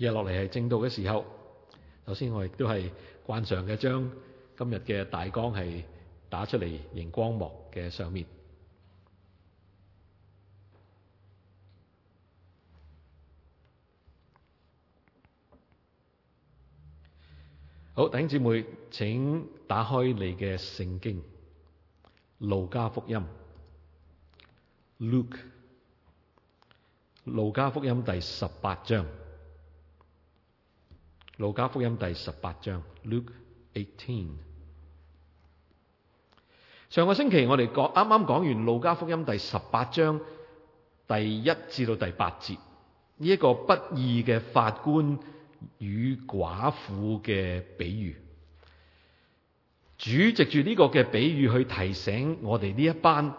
接落嚟係正道嘅時候，首先我哋都係慣常嘅，將今日嘅大綱係打出嚟螢光幕嘅上面。好，弟兄姊妹，請打開你嘅聖經《路加福音》，Luke《路加福音》第十八章。路加福音第十八章 Luke eighteen。上個星期我哋講，啱啱講完路加福音第十八章第一至到第八節，呢一個不義嘅法官與寡婦嘅比喻，主藉住呢個嘅比喻去提醒我哋呢一班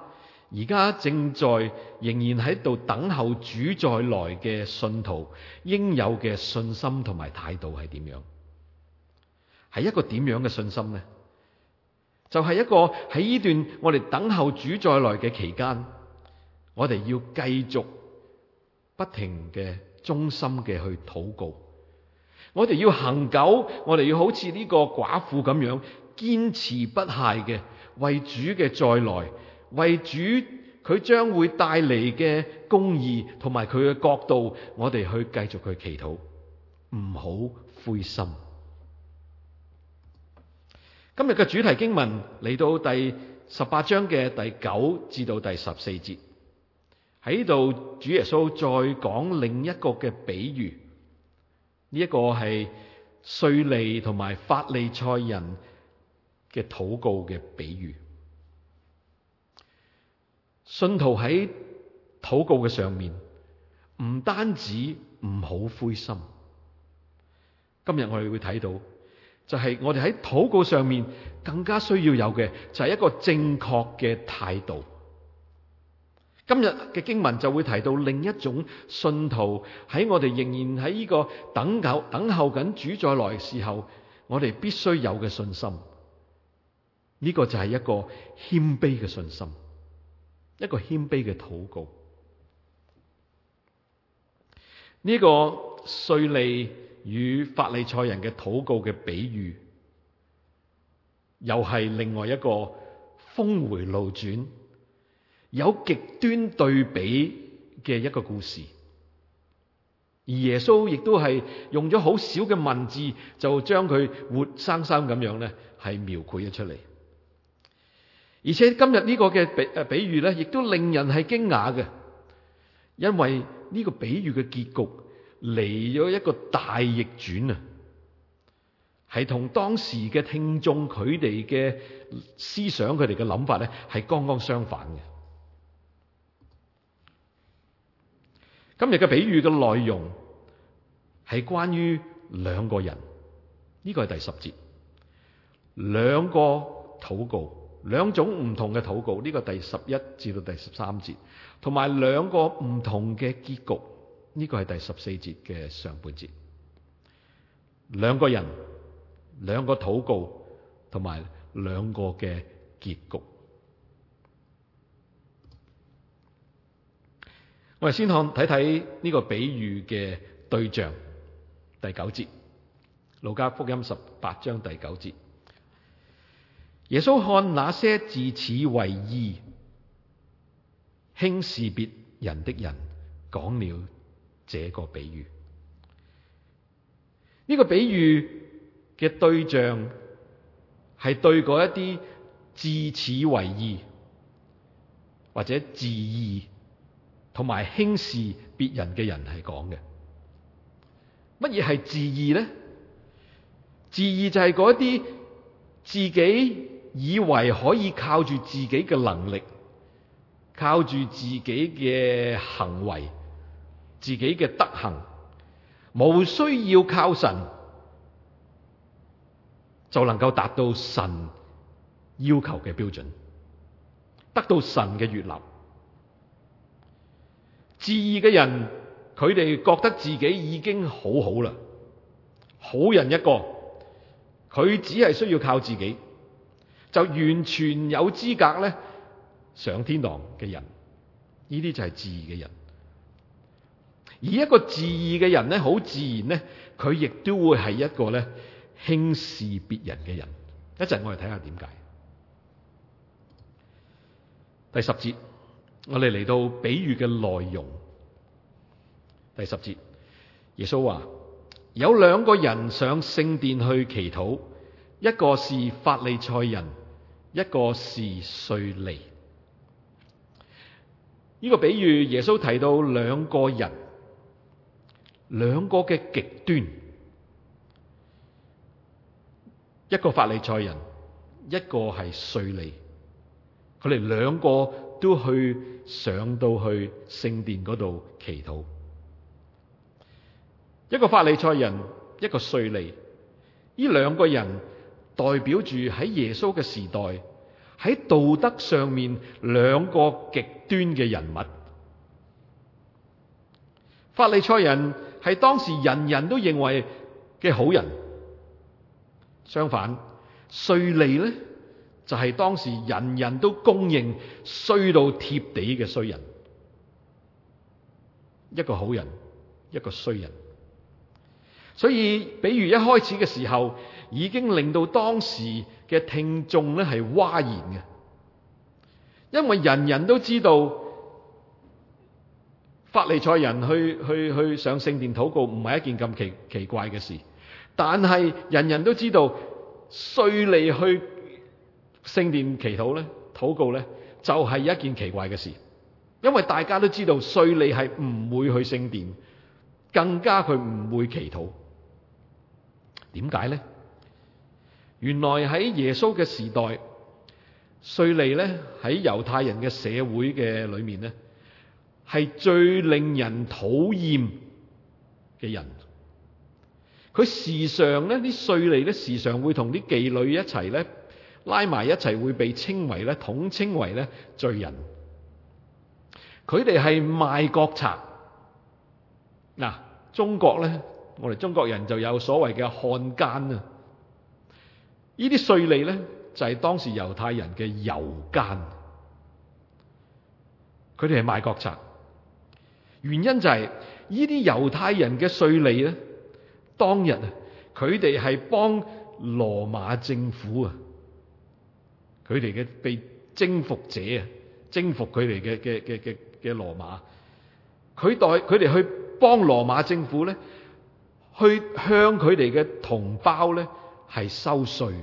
而家正在仍然喺度等候主再來嘅信徒，應有嘅信心同埋態度係點樣？係一個點樣嘅信心呢？就係一個喺呢段我哋等候主再來嘅期間，我哋要繼續不停嘅忠心嘅去禱告，我哋要恆久，我哋要好似呢個寡婦咁樣堅持不懈嘅為主嘅再來。為主佢將會帶嚟嘅公義同埋佢嘅國度，我哋去繼續去祈禱，唔好灰心。今日嘅主題經文嚟到第十八章嘅第九至到第十四節，喺度主耶穌再講另一個嘅比喻，呢、這、一個係稅吏同埋法利賽人嘅禱告嘅比喻。信徒喺禱告嘅上面，唔單止唔好灰心。今日我哋會睇到，就係我哋喺禱告上面更加需要有嘅，就係一個正確嘅態度。今日嘅經文就會提到另一種信徒喺我哋仍然喺呢個等候等候緊主再來嘅時候，我哋必須有嘅信心。呢個就係一個謙卑嘅信心。一個謙卑嘅禱告，呢個稅吏與法利賽人嘅禱告嘅比喻，又係另外一個峰回路轉、有極端對比嘅一個故事。而耶穌亦都係用咗好少嘅文字，就將佢活生生咁樣咧，係描繪咗出嚟。而且今日呢個嘅比誒比喻咧，亦都令人係驚訝嘅，因為呢個比喻嘅結局嚟咗一個大逆轉啊，係同當時嘅聽眾佢哋嘅思想，佢哋嘅諗法咧，係剛剛相反嘅。今日嘅比喻嘅內容係關於兩個人，呢個係第十節，兩個禱告。兩種唔同嘅禱告，呢個第十一至到第十三節，同埋兩個唔同嘅結局，呢個係第十四節嘅上半節。兩個人，兩個禱告，同埋兩個嘅結局。我哋先看睇睇呢個比喻嘅對象，第九節，路加福音十八章第九節。耶穌看，那些自恃為義、輕視別人的人，講了這個比喻。呢個比喻嘅對象係對嗰一啲自恃為義或者自義同埋輕視別人嘅人係講嘅。乜嘢係自義呢？自義就係嗰啲自己。以為可以靠住自己嘅能力，靠住自己嘅行為，自己嘅德行，冇需要靠神，就能夠達到神要求嘅標準，得到神嘅悅納。自義嘅人，佢哋覺得自己已經好好啦，好人一個，佢只係需要靠自己。就完全有資格咧上天堂嘅人，呢啲就係自義嘅人。而一個自義嘅人咧，好自然咧，佢亦都會係一個咧輕視別人嘅人。一陣我哋睇下點解。第十節，我哋嚟到比喻嘅內容。第十節，耶穌話：有兩個人上聖殿去祈禱，一個是法利賽人。一個是稅吏，呢、這個比喻耶穌提到兩個人，兩個嘅極端，一個法利賽人，一個係稅吏。佢哋兩個都去上到去聖殿嗰度祈禱，一個法利賽人，一個稅吏。呢兩個人。代表住喺耶穌嘅時代喺道德上面兩個極端嘅人物，法利賽人係當時人人都認為嘅好人，相反，稅吏咧就係、是、當時人人都公認衰到貼地嘅衰人，一個好人，一個衰人。所以，比喻一開始嘅時候，已經令到當時嘅聽眾咧係嘩然嘅，因為人人都知道法利賽人去去去上聖殿禱告唔係一件咁奇奇怪嘅事，但係人人都知道稅吏去聖殿祈禱咧禱告咧就係、是、一件奇怪嘅事，因為大家都知道稅吏係唔會去聖殿，更加佢唔會祈禱，點解呢？原來喺耶穌嘅時代，稅吏咧喺猶太人嘅社會嘅裏面咧，係最令人討厭嘅人。佢時常咧啲稅吏咧時常會同啲妓女一齊咧拉埋一齊，會被稱為咧統稱為咧罪人。佢哋係賣國賊。嗱、啊，中國咧，我哋中國人就有所謂嘅漢奸啊。呢啲稅吏咧，就係、是、當時猶太人嘅遊間，佢哋係賣國賊。原因就係呢啲猶太人嘅稅吏咧，當日啊，佢哋係幫羅馬政府啊，佢哋嘅被征服者啊，征服佢哋嘅嘅嘅嘅嘅羅馬，取代佢哋去幫羅馬政府咧，去向佢哋嘅同胞咧係收稅。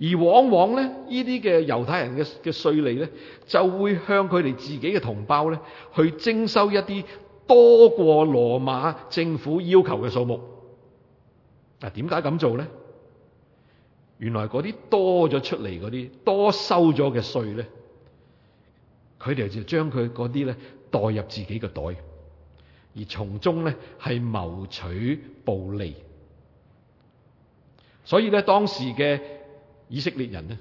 而往往咧，呢啲嘅猶太人嘅嘅稅吏咧，就會向佢哋自己嘅同胞咧，去徵收一啲多過羅馬政府要求嘅數目。嗱，點解咁做咧？原來嗰啲多咗出嚟嗰啲多收咗嘅稅咧，佢哋就將佢嗰啲咧代入自己嘅袋，而從中咧係謀取暴利。所以咧，當時嘅以色列人咧，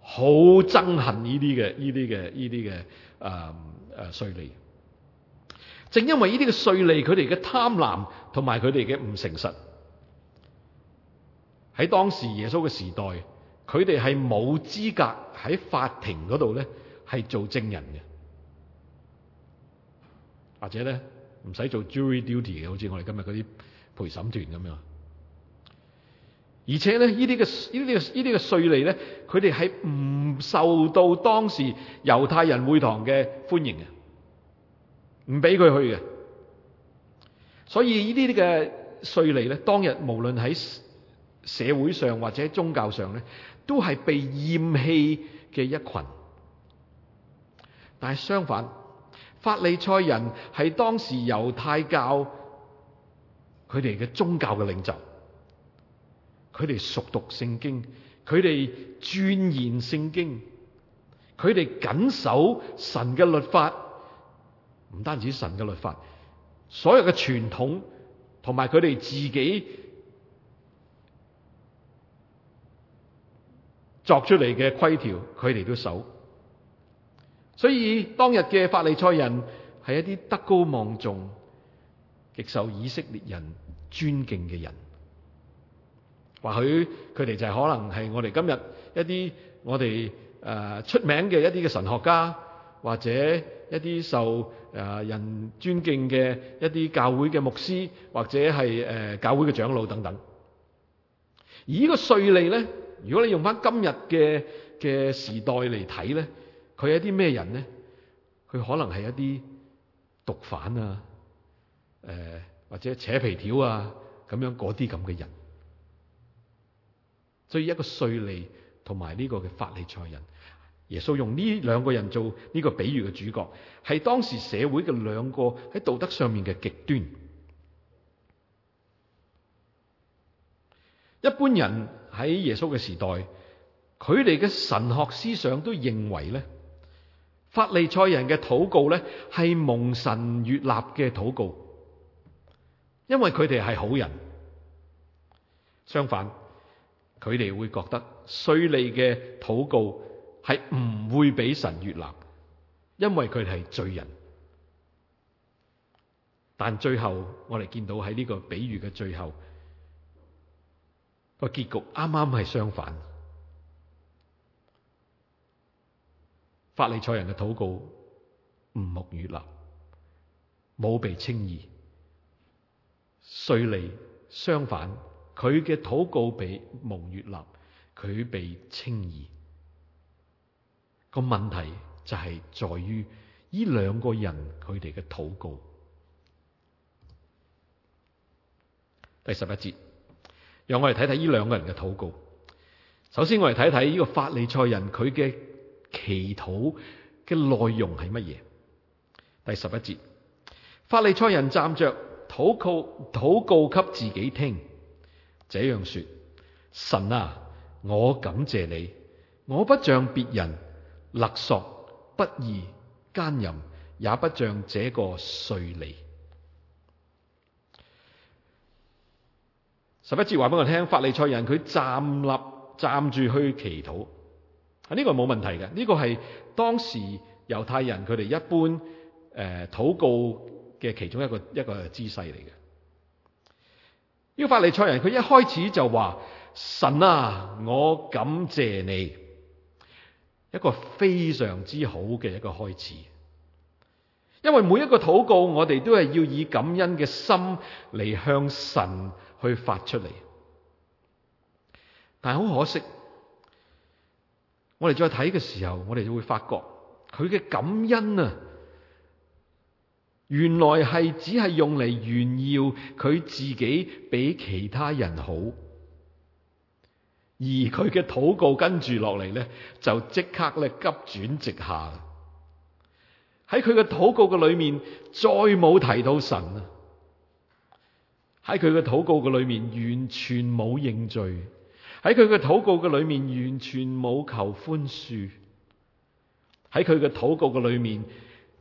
好憎恨呢啲嘅呢啲嘅呢啲嘅誒誒稅吏，正因為呢啲嘅稅吏，佢哋嘅貪婪同埋佢哋嘅唔誠實，喺當時耶穌嘅時代，佢哋係冇資格喺法庭度咧係做證人嘅，或者咧唔使做 jury duty 嘅，好似我哋今日啲陪審團咁樣。而且咧，呢啲嘅呢啲嘅呢啲嘅稅吏咧，佢哋係唔受到當時猶太人會堂嘅歡迎嘅，唔俾佢去嘅。所以呢啲啲嘅稅吏咧，當日無論喺社會上或者宗教上咧，都係被厭棄嘅一群。但係相反，法利賽人係當時猶太教佢哋嘅宗教嘅領袖。佢哋熟讀聖經，佢哋鑽研聖經，佢哋謹守神嘅律法，唔單止神嘅律法，所有嘅傳統同埋佢哋自己作出嚟嘅規條，佢哋都守。所以當日嘅法利賽人係一啲德高望重、極受以色列人尊敬嘅人。或許佢哋就係可能係我哋今日一啲我哋誒出名嘅一啲嘅神學家，或者一啲受誒人尊敬嘅一啲教會嘅牧師，或者係誒教會嘅長老等等。而呢個稅吏咧，如果你用翻今日嘅嘅時代嚟睇咧，佢係一啲咩人咧？佢可能係一啲毒販啊，誒、呃、或者扯皮條啊咁樣啲咁嘅人。所以一個稅吏同埋呢個嘅法利賽人，耶穌用呢兩個人做呢個比喻嘅主角，係當時社會嘅兩個喺道德上面嘅極端。一般人喺耶穌嘅時代，佢哋嘅神學思想都認為咧，法利賽人嘅禱告咧係蒙神悅納嘅禱告，因為佢哋係好人。相反，佢哋會覺得稅吏嘅禱告係唔會俾神悦納，因為佢係罪人。但最後我哋見到喺呢個比喻嘅最後個結局，啱啱係相反。法利賽人嘅禱告唔蒙悦納，冇被稱義，稅吏相反。佢嘅禱告被蒙悅納，佢被稱義。個問題就係在於呢兩個人佢哋嘅禱告。第十一節，讓我哋睇睇呢兩個人嘅禱告。首先，我哋睇睇呢個法利賽人佢嘅祈禱嘅內容係乜嘢。第十一節，法利賽人站着禱告，禱告給自己聽。這樣說，神啊，我感謝你，我不像別人勒索不義奸淫，也不像這個稅吏。」十一節話俾我聽，法利賽人佢站立站住去祈禱，啊、這、呢個冇問題嘅，呢、這個係當時猶太人佢哋一般誒禱、呃、告嘅其中一個一個姿勢嚟嘅。呢個法利賽人，佢一開始就話：神啊，我感謝你，一個非常之好嘅一個開始。因為每一個禱告，我哋都係要以感恩嘅心嚟向神去發出嚟。但係好可惜，我哋再睇嘅時候，我哋就會發覺佢嘅感恩啊。原來係只係用嚟炫耀佢自己比其他人好，而佢嘅禱告跟住落嚟呢，就即刻咧急轉直下。喺佢嘅禱告嘅裏面，再冇提到神啊！喺佢嘅禱告嘅裏面，完全冇認罪；喺佢嘅禱告嘅裏面，完全冇求寬恕；喺佢嘅禱告嘅裏面，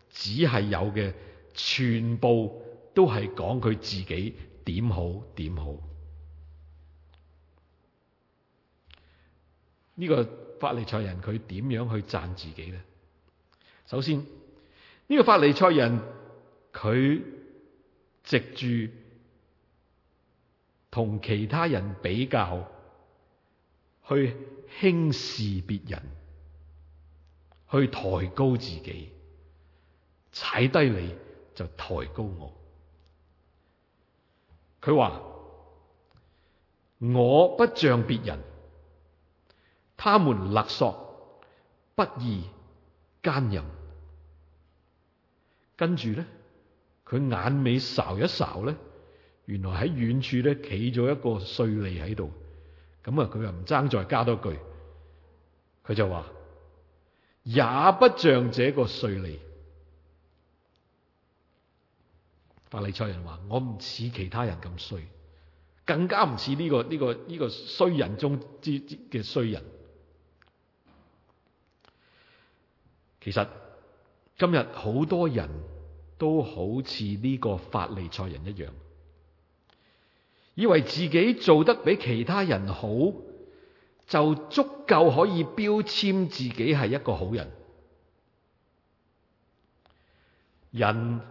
只係有嘅。全部都係講佢自己點好點好，呢個法利賽人佢點樣去讚自己咧？首先，呢個法利賽人佢藉住同其他人比較，去輕視別人，去抬高自己，踩低你。就抬高我，佢話我不像別人，他們勒索不義奸淫，跟住咧佢眼尾睄一睄咧，原來喺遠處咧企咗一個稅吏喺度，咁啊佢又唔爭再加多句，佢就話也不像這個稅吏。法利賽人話：我唔似其他人咁衰，更加唔似呢個呢個呢個衰人中之嘅衰人。其實今日好多人都好似呢個法利賽人一樣，以為自己做得比其他人好，就足夠可以標籤自己係一個好人。人。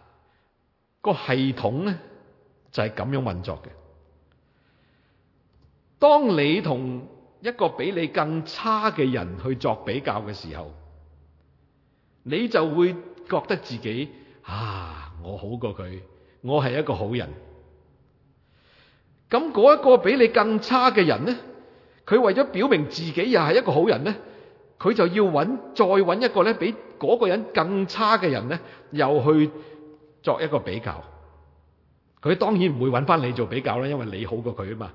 個系統呢，就係咁樣運作嘅。當你同一個比你更差嘅人去作比較嘅時候，你就會覺得自己啊，我好過佢，我係一個好人。咁嗰一個比你更差嘅人呢，佢為咗表明自己又係一個好人呢，佢就要揾再揾一個咧，比嗰個人更差嘅人呢，又去。作一個比較，佢當然唔會揾翻你做比較啦，因為你好過佢啊嘛。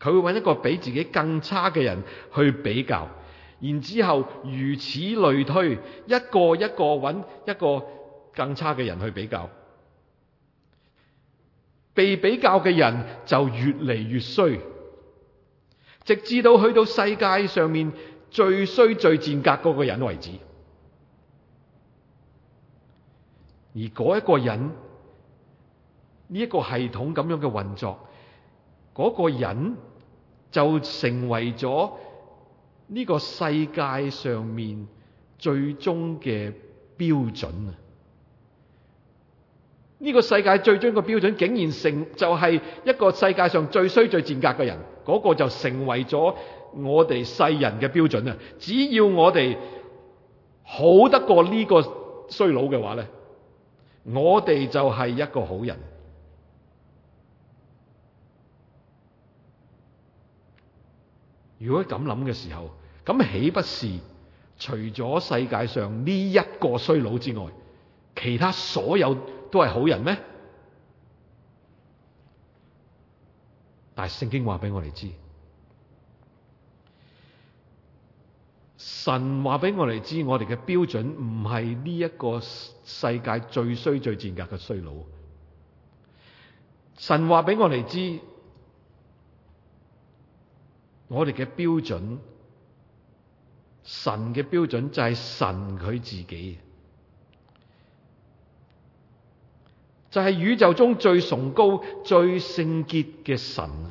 佢會揾一個比自己更差嘅人去比較，然之後如此類推，一個一個揾一個更差嘅人去比較，被比較嘅人就越嚟越衰，直至到去到世界上面最衰、最賤格嗰個人為止。而嗰一個人，呢一個系統咁樣嘅運作，嗰個人就成為咗呢個世界上面最終嘅標準啊！呢個世界最終嘅標準，竟然成就係一個世界上最衰最賤格嘅人，嗰個就成為咗我哋世人嘅標準啊！只要我哋好得過呢個衰佬嘅話咧。我哋就係一個好人。如果咁諗嘅時候，咁豈不是除咗世界上呢一個衰佬之外，其他所有都係好人咩？但係聖經話俾我哋知。神話俾我哋知，我哋嘅標準唔係呢一個世界最衰、最賤格嘅衰佬。神話俾我哋知，我哋嘅標準，神嘅標準就係神佢自己，就係、是、宇宙中最崇高、最聖潔嘅神。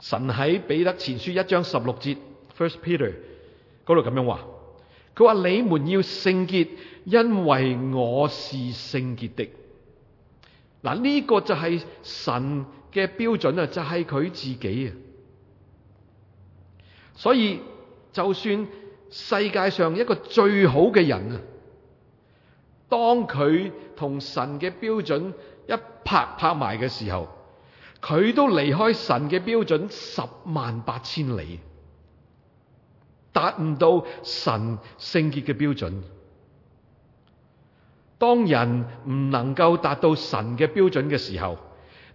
神喺彼得前書一章十六節 First Peter 嗰度咁樣話，佢話你們要聖潔，因為我是聖潔的。嗱、這、呢個就係神嘅標準啊，就係、是、佢自己啊。所以就算世界上一個最好嘅人啊，當佢同神嘅標準一拍拍埋嘅時候。佢都離開神嘅標準十萬八千里，達唔到神聖潔嘅標準。當人唔能夠達到神嘅標準嘅時候，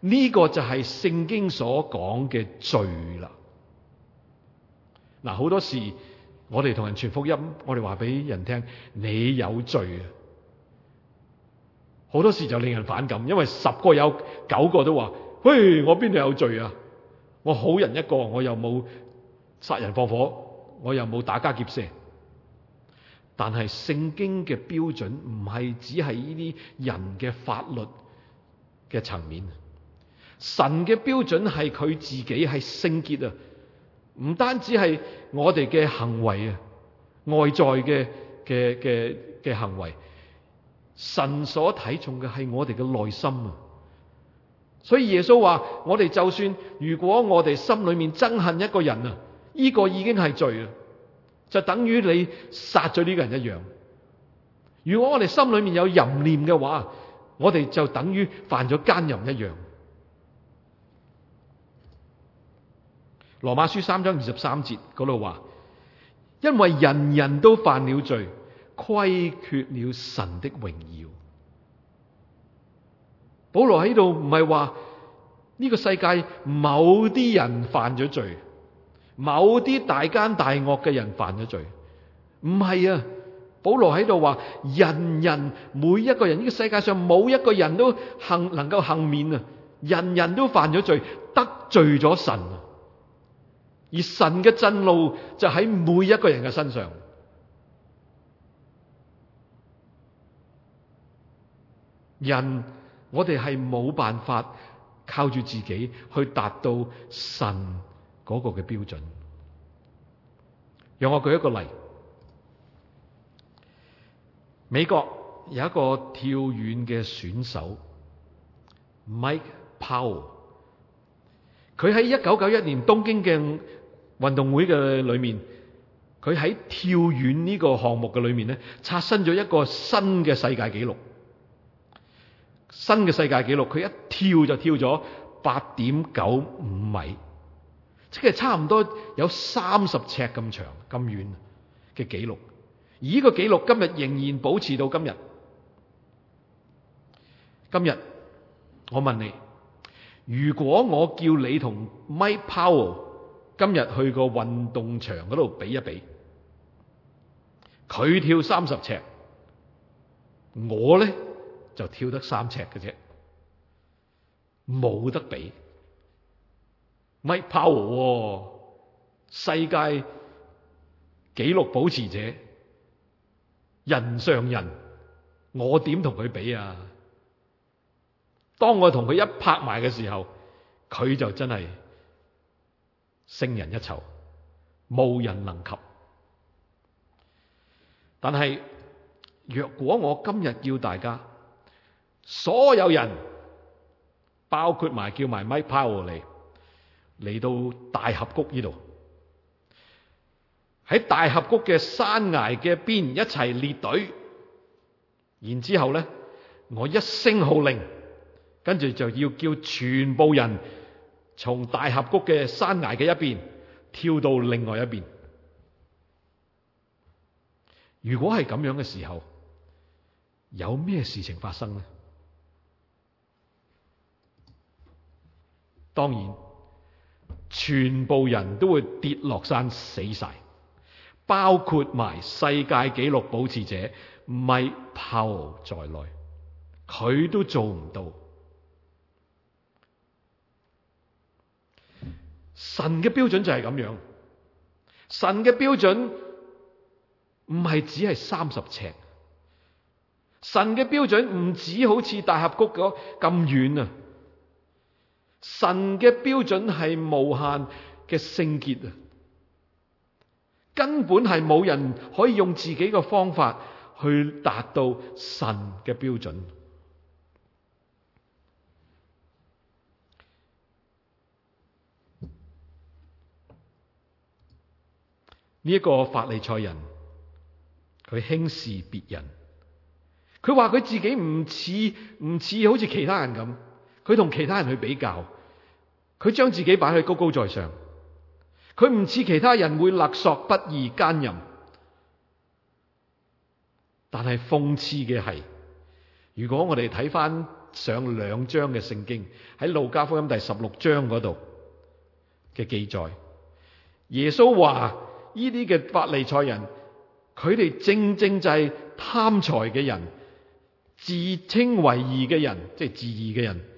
呢個就係聖經所講嘅罪啦。嗱，好多時我哋同人傳福音，我哋話俾人聽，你有罪啊！好多時就令人反感，因為十個有九個都話。喂，我邊度有罪啊？我好人一個，我又冇殺人放火，我又冇打家劫舍。但係聖經嘅標準唔係只係呢啲人嘅法律嘅層面，神嘅標準係佢自己係聖潔啊！唔單止係我哋嘅行為啊，外在嘅嘅嘅嘅行為，神所睇重嘅係我哋嘅內心啊！所以耶穌話：我哋就算如果我哋心裏面憎恨一個人啊，呢個已經係罪啦，就等於你殺咗呢個人一樣。如果我哋心裏面有淫念嘅話，我哋就等於犯咗奸淫一樣。羅馬書三章二十三節度話：因為人人都犯了罪，虧缺了神的榮耀。保羅喺度唔係話呢個世界某啲人犯咗罪，某啲大奸大惡嘅人犯咗罪，唔係啊！保羅喺度話人人、每一個人，呢個世界上冇一個人都幸能夠幸免啊！人人都犯咗罪，得罪咗神，啊。而神嘅震怒就喺每一個人嘅身上，人。我哋係冇辦法靠住自己去達到神嗰個嘅標準。讓我舉一個例，美國有一個跳遠嘅選手 Mike Powell，佢喺一九九一年東京嘅運動會嘅裏面，佢喺跳遠呢個項目嘅裏面咧，刷新咗一個新嘅世界紀錄。新嘅世界紀錄，佢一跳就跳咗八點九五米，即係差唔多有三十尺咁長、咁遠嘅紀錄。而呢個紀錄今日仍然保持到今日。今日我問你，如果我叫你同 Mike Powell 今日去個運動場嗰度比一比，佢跳三十尺，我咧？就跳得三尺嘅啫，冇得比。Mike Powell 喎，世界紀錄保持者，人上人，我點同佢比啊？當我同佢一拍埋嘅時候，佢就真係勝人一籌，無人能及。但係若果我今日叫大家，所有人包括埋叫埋 Mike Powell 嚟嚟到大峽谷呢度，喺大峽谷嘅山崖嘅邊一齊列隊，然之後咧，我一聲號令，跟住就要叫全部人從大峽谷嘅山崖嘅一邊跳到另外一邊。如果係咁樣嘅時候，有咩事情發生咧？當然，全部人都會跌落山死晒，包括埋世界紀錄保持者，唔係炮在內，佢都做唔到。神嘅標準就係咁樣，神嘅標準唔係只係三十尺，神嘅標準唔止好似大峽谷咁咁遠啊！神嘅標準係無限嘅聖潔啊，根本係冇人可以用自己嘅方法去達到神嘅標準。呢一個法利賽人，佢輕視別人，佢話佢自己唔似唔似好似其他人咁。佢同其他人去比較，佢將自己擺喺高高在上，佢唔似其他人會勒索、不義、奸淫。但係諷刺嘅係，如果我哋睇翻上兩章嘅聖經，喺路加福音第十六章嗰度嘅記載，耶穌話：呢啲嘅法利賽人，佢哋正正就係貪財嘅人，自稱為義嘅人，即係自義嘅人。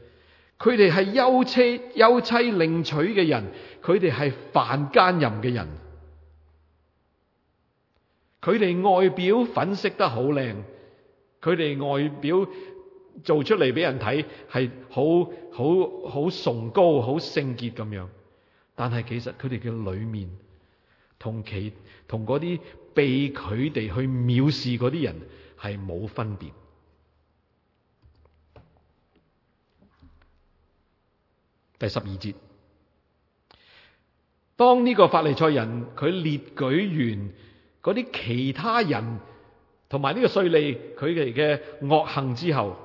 佢哋係休妻，休妻另娶嘅人，佢哋係犯奸淫嘅人。佢哋外表粉飾得好靚，佢哋外表做出嚟俾人睇係好好好崇高，好聖潔咁樣，但係其實佢哋嘅裏面同其同啲被佢哋去藐視啲人係冇分別。第十二節，當呢個法利賽人佢列舉完嗰啲其他人同埋呢個稅吏佢哋嘅惡行之後，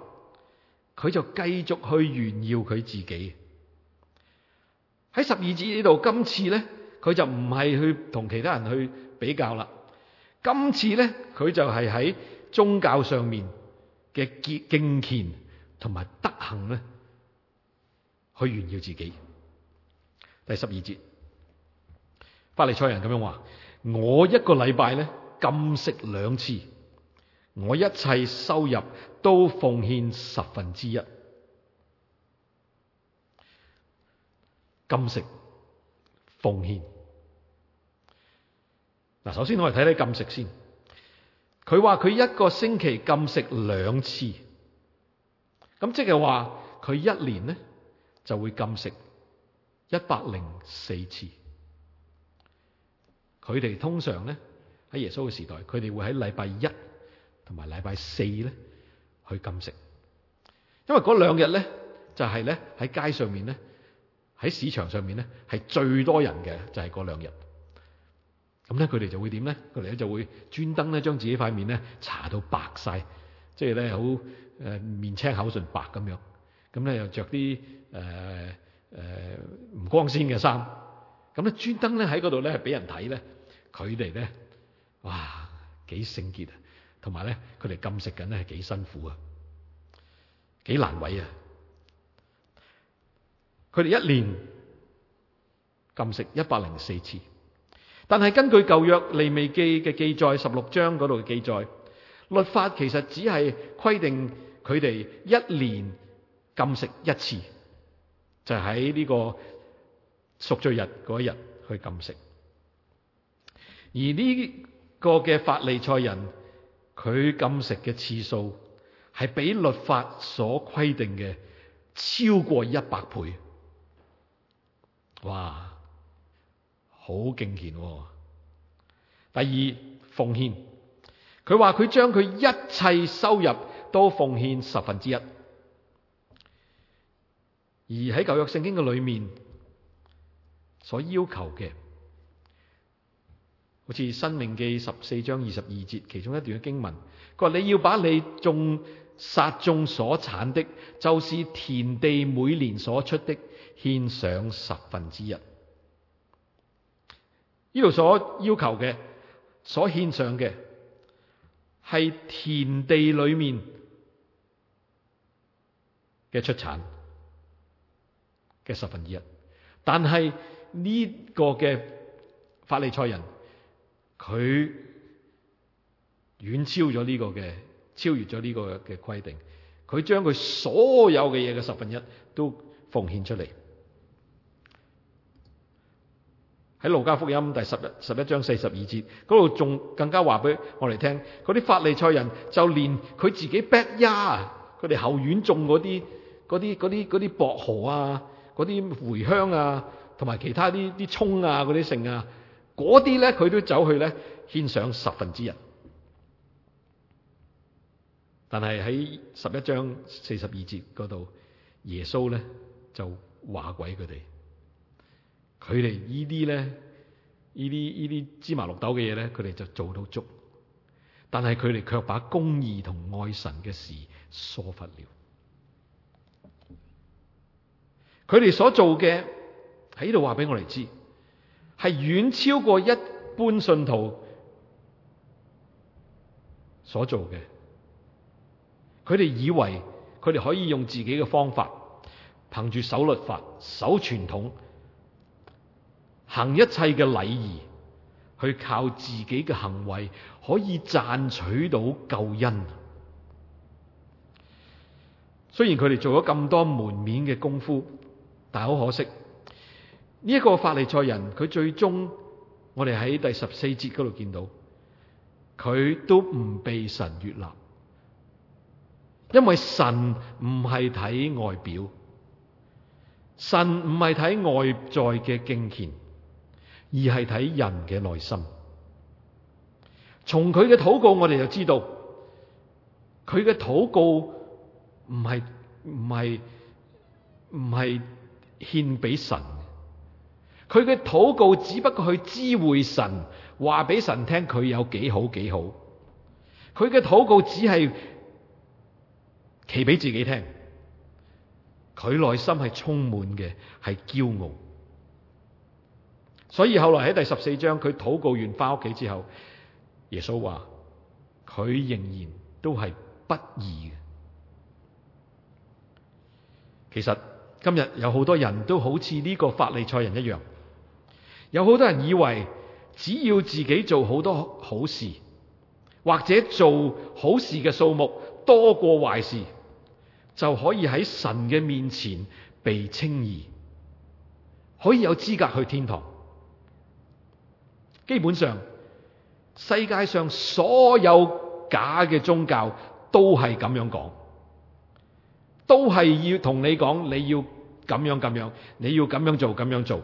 佢就繼續去炫耀佢自己。喺十二節呢度，今次咧佢就唔係去同其他人去比較啦，今次咧佢就係喺宗教上面嘅敬虔同埋德行咧。去炫耀自己。第十二節，法利賽人咁樣話：我一個禮拜咧禁食兩次，我一切收入都奉獻十分之一。禁食奉獻。嗱，首先我哋睇睇禁食先。佢話佢一個星期禁食兩次，咁即係話佢一年咧。就會禁食一百零四次。佢哋通常咧喺耶穌嘅時代，佢哋會喺禮拜一同埋禮拜四咧去禁食，因為嗰兩日咧就係咧喺街上面咧喺市場上面咧係最多人嘅，就係嗰兩日。咁咧佢哋就會點咧？佢哋咧就會專登咧將自己塊面咧搽到白晒，即係咧好誒面青口唇白咁樣。咁咧又着啲誒誒唔光鮮嘅衫，咁咧專登咧喺嗰度咧係俾人睇咧，佢哋咧，哇幾聖潔啊！同埋咧，佢哋禁食緊咧係幾辛苦啊，幾難為啊！佢哋一年禁食一百零四次，但係根據舊約利未記嘅記載，十六章嗰度嘅記載，律法其實只係規定佢哋一年，禁食一次，就喺、是、呢個贖罪日一日去禁食。而呢個嘅法利賽人，佢禁食嘅次數係比律法所規定嘅超過一百倍。哇，好敬虔！哦！第二，奉獻，佢話佢將佢一切收入都奉獻十分之一。而喺舊約聖經嘅裏面所要求嘅，好似申命記十四章二十二節其中一段嘅經文，佢話你要把你種、撒種所產的，就是田地每年所出的，獻上十分之一。呢度所要求嘅、所獻上嘅，係田地裏面嘅出產。嘅十分之一，但係呢、這個嘅法利賽人，佢遠超咗呢個嘅，超越咗呢個嘅規定，佢將佢所有嘅嘢嘅十分之一都奉獻出嚟。喺路加福音第十一十一章四十二節嗰度，仲更加話俾我哋聽，嗰啲法利賽人就連佢自己 back yard，佢哋後院種嗰啲嗰啲嗰啲嗰啲薄荷啊。嗰啲茴香啊，同埋其他啲啲蔥啊，嗰啲剩啊，嗰啲咧佢都走去咧獻上十分之一。但係喺十一章四十二節嗰度，耶穌咧就話畀佢哋，佢哋呢啲咧，呢啲呢啲芝麻綠豆嘅嘢咧，佢哋就做到足，但係佢哋卻把公義同愛神嘅事疏忽了。佢哋所做嘅，喺度話俾我哋知，係遠超過一般信徒所做嘅。佢哋以為佢哋可以用自己嘅方法，憑住守律法、守傳統、行一切嘅禮儀，去靠自己嘅行為可以賺取到救恩。雖然佢哋做咗咁多門面嘅功夫。但係好可惜，呢、這、一個法利賽人佢最終，我哋喺第十四節嗰度見到佢都唔被神悅納，因為神唔係睇外表，神唔係睇外在嘅敬虔，而係睇人嘅內心。從佢嘅禱告，我哋就知道佢嘅禱告唔係唔係唔係。獻俾神，佢嘅禱告只不過去知會神，話俾神聽佢有幾好幾好。佢嘅禱告只係企俾自己聽，佢內心係充滿嘅係驕傲。所以後來喺第十四章，佢禱告完翻屋企之後，耶穌話佢仍然都係不義嘅。其實。今日有好多人都好似呢個法利賽人一樣，有好多人以為只要自己做好多好事，或者做好事嘅數目多過壞事，就可以喺神嘅面前被稱義，可以有資格去天堂。基本上，世界上所有假嘅宗教都係咁樣講。都係要同你講，你要咁樣咁樣，你要咁樣做咁樣做，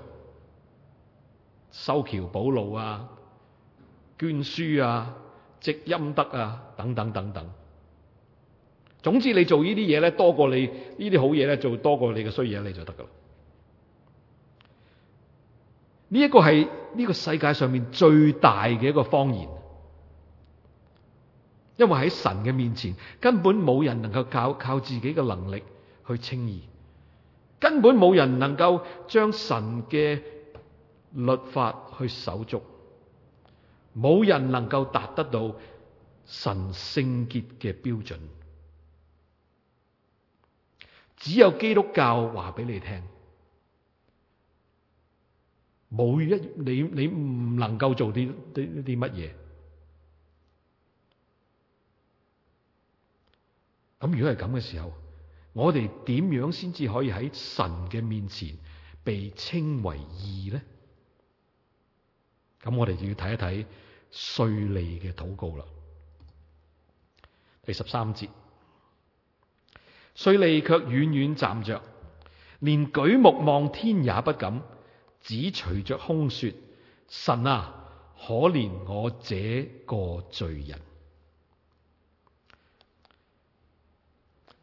修橋補路啊，捐書啊，積陰德啊，等等等等。總之，你做呢啲嘢咧，多過你呢啲好嘢咧，做多過你嘅衰嘢，你就得噶啦。呢一個係呢個世界上面最大嘅一個謊言。因為喺神嘅面前，根本冇人能夠靠靠自己嘅能力去稱義，根本冇人能夠將神嘅律法去守足，冇人能夠達得到神聖潔嘅標準。只有基督教話俾你聽，冇一你你唔能夠做啲啲啲乜嘢。咁如果係咁嘅時候，我哋點樣先至可以喺神嘅面前被稱為義呢？咁我哋就要睇一睇稅吏嘅禱告啦。第十三節，稅吏卻遠，遠遠站着，連舉目望天也不敢，只捶着胸說：神啊，可憐我這個罪人。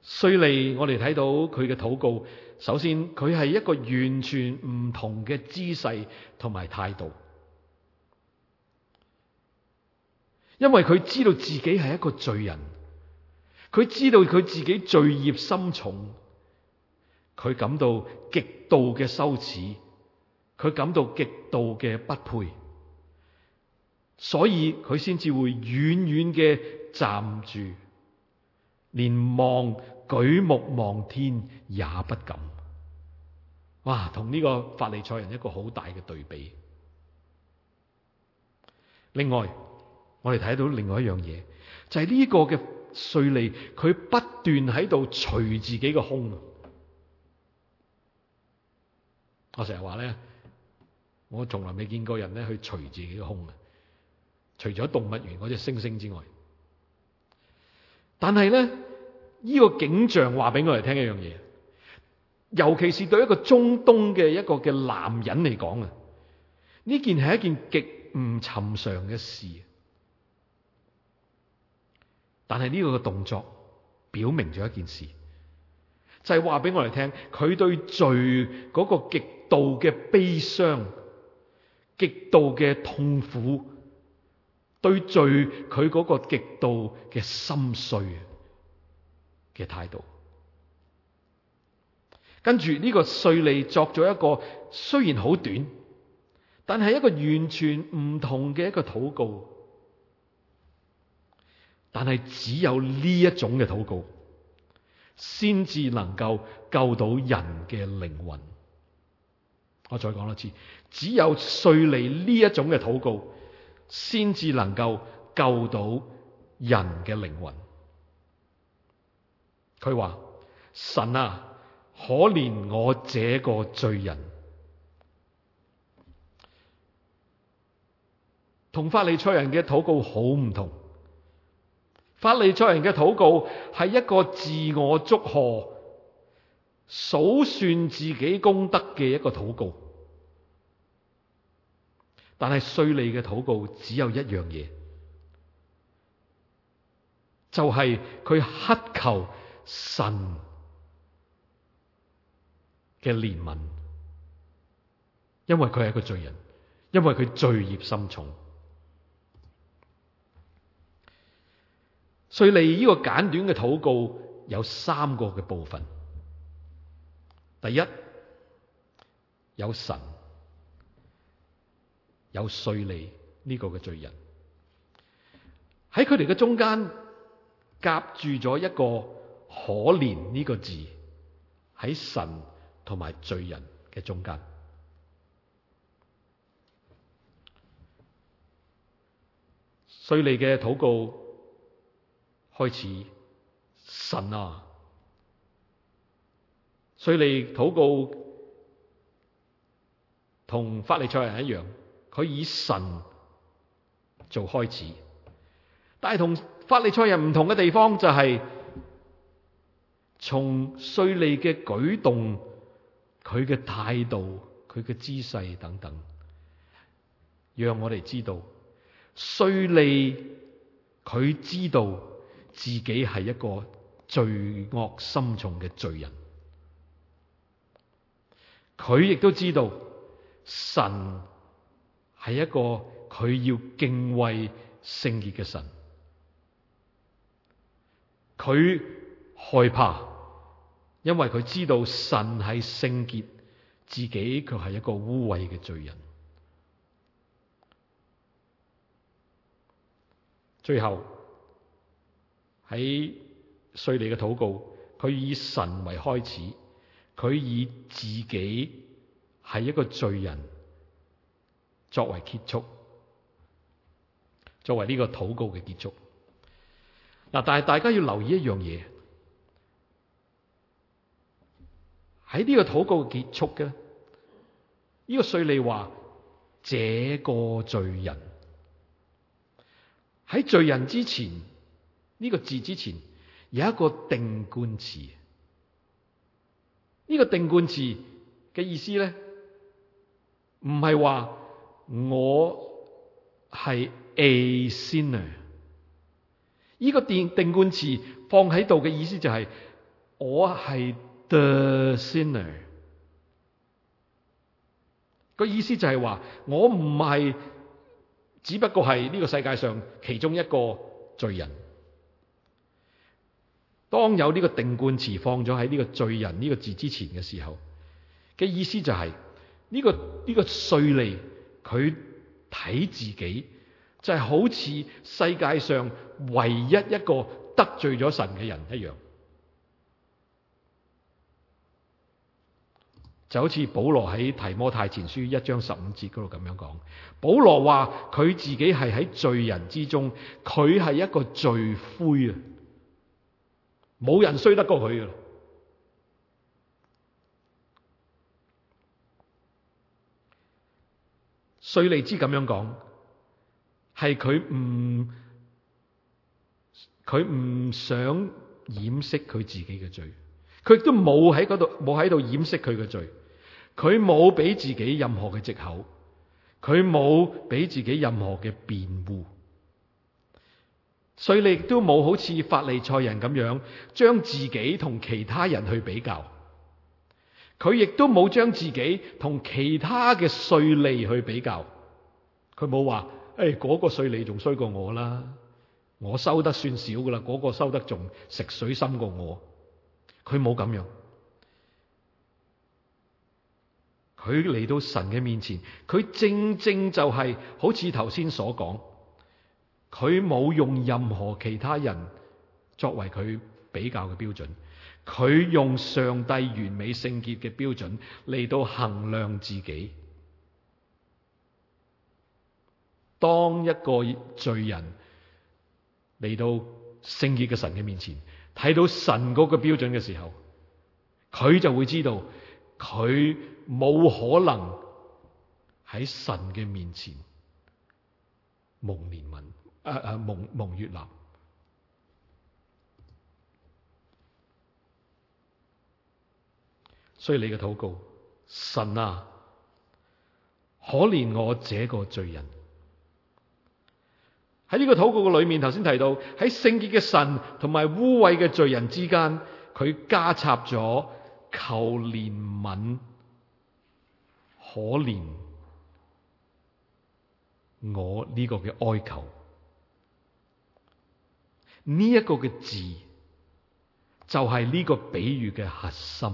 瑞利，我哋睇到佢嘅禱告，首先佢係一個完全唔同嘅姿勢同埋態度，因為佢知道自己係一個罪人，佢知道佢自己罪孽深重，佢感到極度嘅羞恥，佢感到極度嘅不配，所以佢先至會遠遠嘅站住。連望舉目望天也不敢，哇！同呢個法利賽人一個好大嘅對比。另外，我哋睇到另外一樣嘢，就係、是、呢個嘅稅吏，佢不斷喺度捶自己嘅胸。我成日話咧，我從來未見過人咧去捶自己嘅胸。啊，除咗動物園嗰隻猩猩之外。但係咧，呢個景象話俾我哋聽一樣嘢，尤其是對一個中東嘅一個嘅男人嚟講啊，呢件係一件極唔尋常嘅事。但係呢個嘅動作，表明咗一件事，就係話俾我哋聽，佢對罪嗰個極度嘅悲傷、極度嘅痛苦。對罪佢嗰個極度嘅心碎嘅態度，跟住呢個稅吏作咗一個雖然好短，但係一個完全唔同嘅一個禱告，但係只有呢一種嘅禱告，先至能夠救到人嘅靈魂。我再講多次，只有稅吏呢一種嘅禱告。先至能夠救到人嘅靈魂。佢話：神啊，可憐我這個罪人。同法利賽人嘅禱告好唔同。法利賽人嘅禱告係一個自我祝賀、數算自己功德嘅一個禱告。但係稅吏嘅禱告只有一樣嘢，就係佢乞求神嘅憐憫，因為佢係一個罪人，因為佢罪孽深重。稅吏呢個簡短嘅禱告有三個嘅部分，第一，有神。有稅吏呢個嘅罪人，喺佢哋嘅中間夾住咗一個可憐呢個字，喺神同埋罪人嘅中間，稅吏嘅禱告開始，神啊，稅吏禱告同法利賽人一樣。佢以神做開始，但係同法利賽人唔同嘅地方就係從稅吏嘅舉動、佢嘅態度、佢嘅姿勢等等，讓我哋知道稅吏，佢知道自己係一個罪惡深重嘅罪人，佢亦都知道神。係一個佢要敬畏聖潔嘅神，佢害怕，因為佢知道神係聖潔，自己卻係一個污穢嘅罪人。最後喺稅吏嘅禱告，佢以神為開始，佢以自己係一個罪人。作為結束，作為呢個禱告嘅結束。嗱，但係大家要留意一樣嘢，喺呢個禱告結束嘅呢個稅吏話，這個罪人，喺罪人之前呢、這個字之前有一個定冠詞。呢、這個定冠詞嘅意思咧，唔係話。我係 a sinner，呢個定定冠詞放喺度嘅意思就係、是、我係 the sinner，個意思就係話我唔係，只不過係呢個世界上其中一個罪人。當有呢個定冠詞放咗喺呢個罪人呢、這個字之前嘅時候，嘅意思就係、是、呢、這個呢、這個罪利。佢睇自己就係、是，好似世界上唯一一個得罪咗神嘅人一樣，就好似保羅喺提摩太前書一章十五節度咁樣講，保羅話佢自己係喺罪人之中，佢係一個罪魁啊，冇人衰得過佢噶。稅吏咁樣講，係佢唔佢唔想掩飾佢自己嘅罪，佢亦都冇喺度冇喺度掩飾佢嘅罪，佢冇俾自己任何嘅藉口，佢冇俾自己任何嘅辯護，稅吏亦都冇好似法利賽人咁樣，將自己同其他人去比較。佢亦都冇將自己同其他嘅稅吏去比較，佢冇話誒嗰個稅吏仲衰過我啦，我收得算少噶啦，嗰、那個收得仲食水深過我，佢冇咁樣。佢嚟到神嘅面前，佢正正就係、是、好似頭先所講，佢冇用任何其他人作為佢比較嘅標準。佢用上帝完美聖潔嘅標準嚟到衡量自己。當一個罪人嚟到聖潔嘅神嘅面前，睇到神嗰個標準嘅時候，佢就會知道佢冇可能喺神嘅面前蒙憐憫，啊、呃、啊蒙蒙悅納。所以你嘅禱告，神啊，可憐我這個罪人。喺呢個禱告嘅裏面，頭先提到喺聖潔嘅神同埋污穢嘅罪人之間，佢加插咗求憐憫，可憐我呢個嘅哀求。呢一個嘅字就係呢個比喻嘅核心。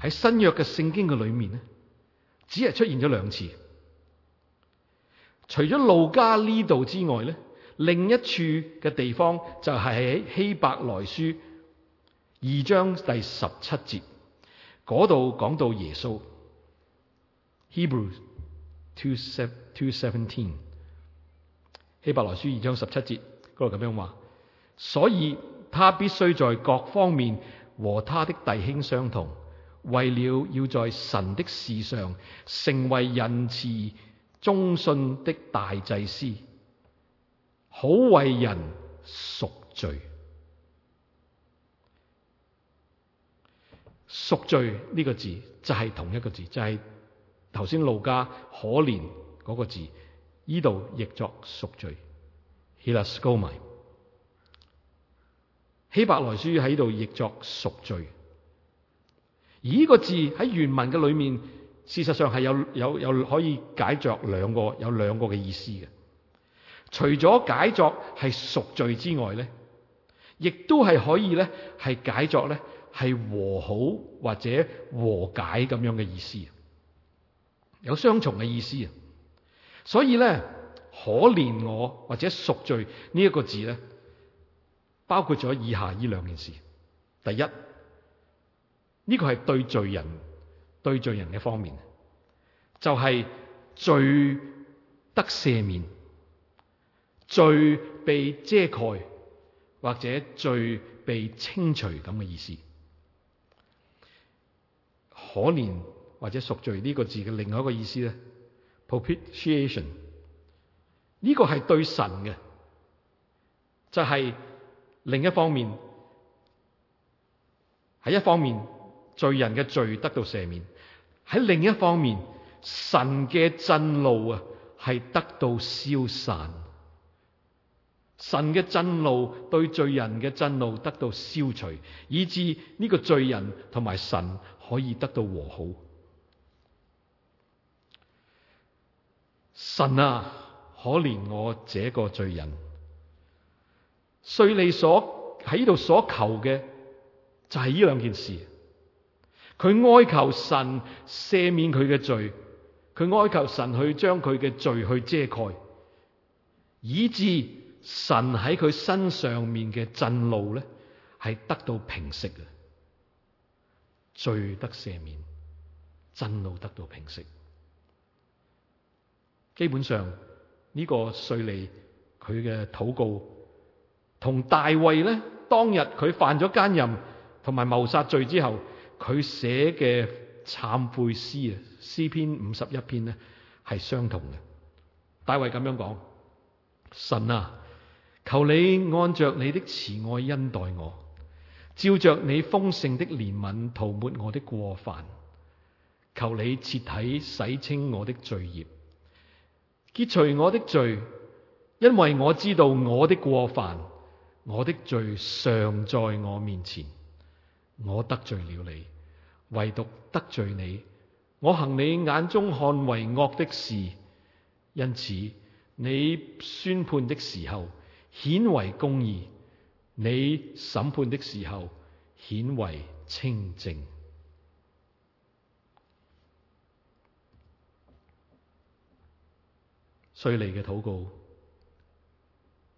喺新約嘅聖經嘅裏面咧，只係出現咗兩次，除咗路加呢度之外咧，另一處嘅地方就係喺希伯來書二章第十七節度講到耶穌，Hebrew two se seven, two seventeen，希伯來書二章十七節度咁樣話，所以他必須在各方面和他的弟兄相同。為了要在神的事上成為仁慈忠信的大祭司，好為人贖罪。贖罪呢個字就係同一個字，就係頭先路加可憐嗰個字，依度譯作贖罪。希拉斯哥米、希伯來書喺度譯作贖罪。呢個字喺原文嘅裏面，事實上係有有有可以解作兩個有兩個嘅意思嘅。除咗解作係贖罪之外咧，亦都係可以咧係解作咧係和好或者和解咁樣嘅意思，有雙重嘅意思啊。所以咧，可憐我或者贖罪呢一個字咧，包括咗以下呢兩件事：第一。呢個係對罪人，對罪人嘅方面，就係罪得赦免，罪被遮蓋或者罪被清除咁嘅意思。可憐或者贖罪呢個字嘅另外一個意思咧，propitiation，呢個係對神嘅，就係另一方面，係一方面。罪人嘅罪得到赦免，喺另一方面，神嘅震怒啊係得到消散，神嘅震怒對罪人嘅震怒得到消除，以致呢個罪人同埋神可以得到和好。神啊，可憐我這個罪人，稅吏所喺度所求嘅就係、是、呢兩件事。佢哀求神赦免佢嘅罪，佢哀求神去將佢嘅罪去遮蓋，以致神喺佢身上面嘅震怒咧係得到平息嘅，罪得赦免，震怒得到平息。基本上呢、這個稅吏佢嘅禱告同大衛咧當日佢犯咗奸淫同埋謀殺罪之後，佢寫嘅懺悔詩啊，詩篇五十一篇咧係相同嘅。大衛咁樣講：神啊，求你按着你的慈愛恩待我，照着你豐盛的憐憫塗抹我的過犯，求你徹底洗清我的罪孽，潔除我的罪，因為我知道我的過犯，我的罪常在我面前，我得罪了你。唯獨得罪你，我行你眼中看為惡的事，因此你宣判的時候顯為公義，你審判的時候顯為清正。稅吏嘅禱告，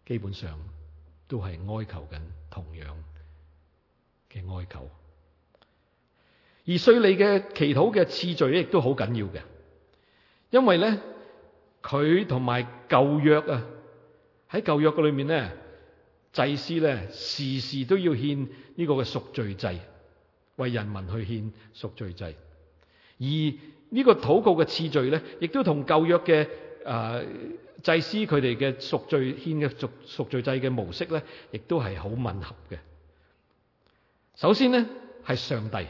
基本上都係哀求緊同樣嘅哀求。而順利嘅祈禱嘅次序咧，亦都好緊要嘅，因為咧佢同埋舊約啊喺舊約嘅裏面咧，祭司咧時時都要獻呢個嘅贖罪祭，為人民去獻贖罪祭。而呢個禱告嘅次序咧，亦都同舊約嘅誒、呃、祭司佢哋嘅贖罪獻嘅贖贖罪祭嘅模式咧，亦都係好吻合嘅。首先咧係上帝，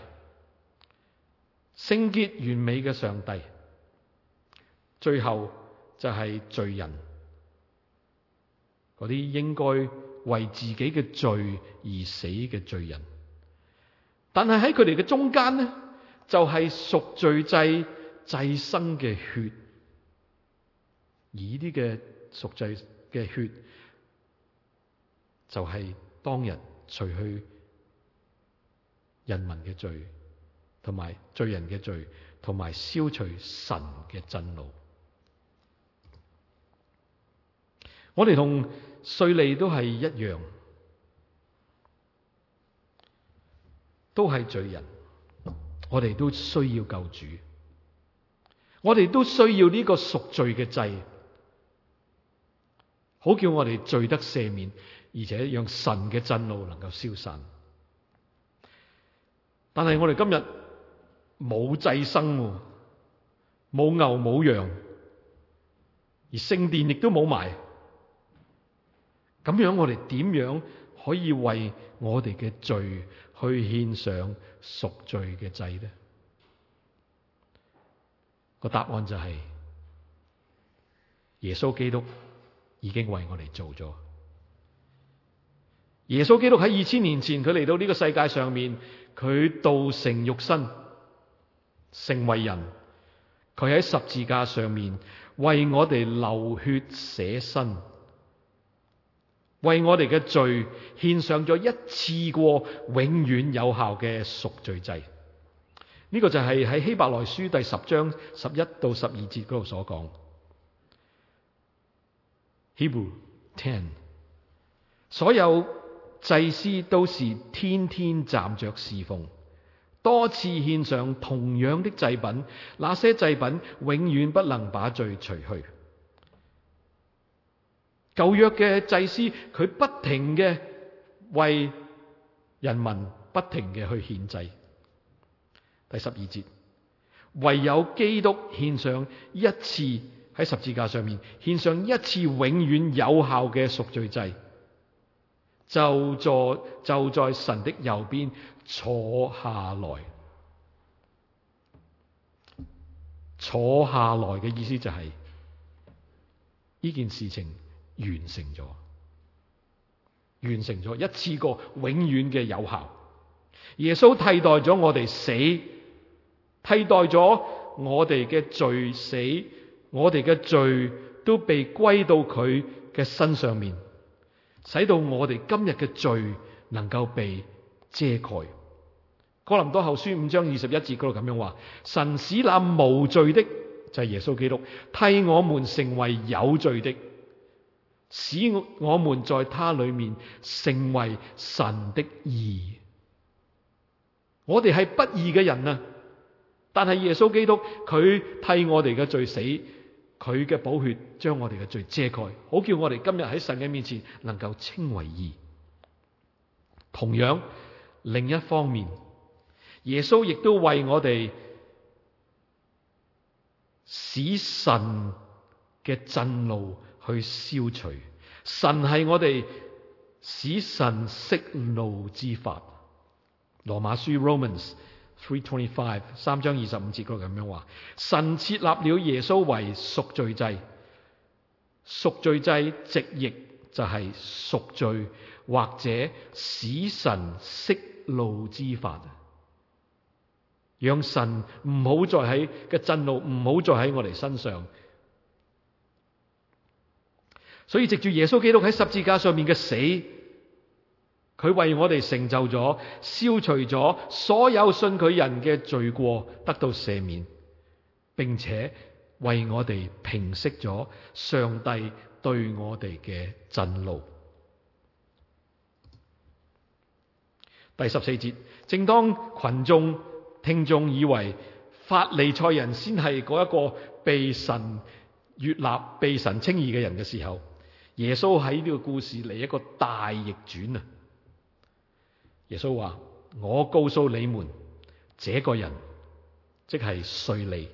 聖潔完美嘅上帝，最後就係罪人，嗰啲應該為自己嘅罪而死嘅罪人，但係喺佢哋嘅中間呢就係、是、贖罪祭祭牲嘅血，而呢啲嘅贖罪嘅血，就係當日除去人民嘅罪。同埋罪人嘅罪，同埋消除神嘅震怒。我哋同稅吏都係一樣，都係罪人。我哋都需要救主，我哋都需要呢個贖罪嘅祭，好叫我哋罪得赦免，而且讓神嘅震怒能夠消散。但係我哋今日。冇祭牲，冇牛冇羊，而聖殿亦都冇埋。咁樣我哋點樣可以為我哋嘅罪去獻上贖罪嘅祭呢？個答案就係：耶穌基督已經為我哋做咗。耶穌基督喺二千年前，佢嚟到呢個世界上面，佢道成肉身。成為人，佢喺十字架上面為我哋流血捨身，為我哋嘅罪獻上咗一次過永遠有效嘅贖罪祭。呢、這個就係喺希伯來書第十章十一到十二節嗰度所講。希伯來書十，所有祭司都是天天站着侍奉，多次獻上同樣的祭品，那些祭品永遠不能把罪除去。舊約嘅祭司，佢不停嘅為人民不停嘅去獻祭。第十二節，唯有基督獻上一次喺十字架上面，獻上一次永遠有效嘅贖罪祭。就在就在神的右邊坐下來，坐下來嘅意思就係、是、呢件事情完成咗，完成咗一次過永遠嘅有效。耶穌替代咗我哋死，替代咗我哋嘅罪死，我哋嘅罪都被歸到佢嘅身上面。使到我哋今日嘅罪能夠被遮蓋，《哥林多後書》五章二十一節嗰度咁樣話：神使那無罪的就係、是、耶穌基督，替我們成為有罪的，使我們在他裏面成為神的義。我哋係不義嘅人啊，但係耶穌基督佢替我哋嘅罪死。佢嘅寶血將我哋嘅罪遮蓋，好叫我哋今日喺神嘅面前能夠稱為義。同樣，另一方面，耶穌亦都為我哋使神嘅震怒去消除。神係我哋使神息怒之法。羅馬書 Romans。Three twenty five 三章二十五節嗰度咁樣話，神設立了耶穌為贖罪祭，贖罪祭直譯就係贖罪，或者使神息怒之法，讓神唔好再喺個震怒，唔好再喺我哋身上。所以藉住耶穌基督喺十字架上面嘅死。佢為我哋成就咗，消除咗所有信佢人嘅罪過，得到赦免，並且為我哋平息咗上帝對我哋嘅震怒。第十四節，正當群眾聽眾以為法利賽人先係嗰一個被神悅納、被神稱義嘅人嘅時候，耶穌喺呢個故事嚟一個大逆轉啊！耶穌話：我告訴你們，這個人即係稅吏，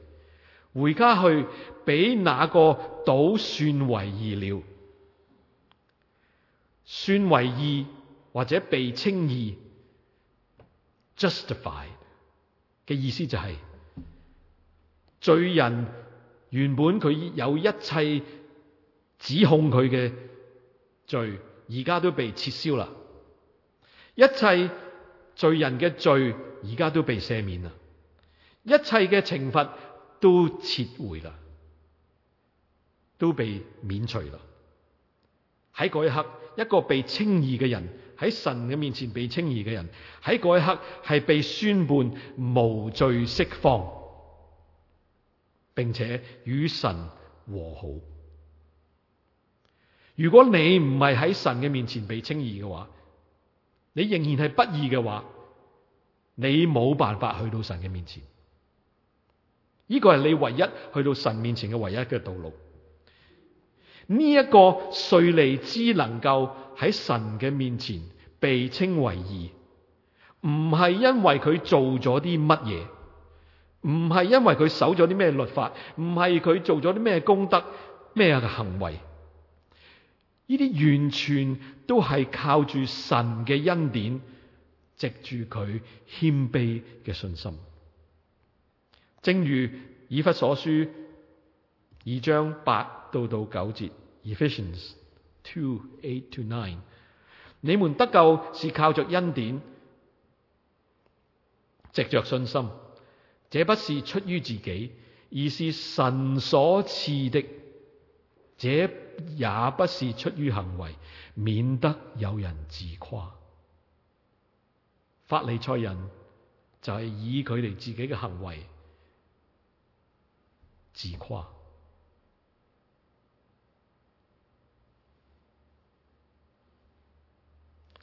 回家去比那個倒算為義了。算為義或者被稱義 （justify） 嘅意思就係、是、罪人原本佢有一切指控佢嘅罪，而家都被撤銷啦。一切罪人嘅罪而家都被赦免啦，一切嘅懲罰都撤回啦，都被免除啦。喺嗰一刻，一個被稱義嘅人喺神嘅面前被稱義嘅人喺嗰一刻係被宣判無罪釋放，並且與神和好。如果你唔係喺神嘅面前被稱義嘅話，你仍然係不義嘅話，你冇辦法去到神嘅面前。呢、這個係你唯一去到神面前嘅唯一嘅道路。呢、這、一個稅吏能夠喺神嘅面前被稱為義，唔係因為佢做咗啲乜嘢，唔係因為佢守咗啲咩律法，唔係佢做咗啲咩功德咩行為。呢啲完全都係靠住神嘅恩典，藉住佢謙卑嘅信心。正如以弗所書以章八到到九節 e f f i c i e n s ians, two eight to nine），你們得救是靠着恩典，藉着信心，這不是出於自己，而是神所賜的。這也不是出於行為，免得有人自誇。法利賽人就係以佢哋自己嘅行為自誇。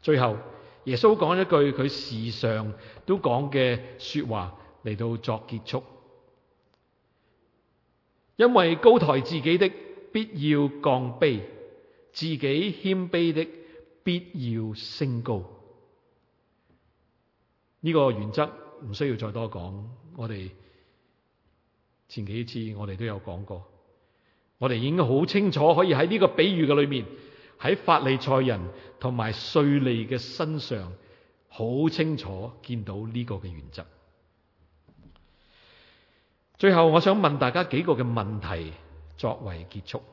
最後耶穌講一句佢時常都講嘅說話嚟到作結束，因為高抬自己的。必要降卑，自己謙卑的必要升高。呢、個原則唔需要再多講，我哋前幾次我哋都有講過，我哋已經好清楚，可以喺呢個比喻嘅裏面，喺法利賽人同埋稅吏嘅身上，好清楚見到呢個嘅原則。最後，我想問大家幾個嘅問題。作為結束，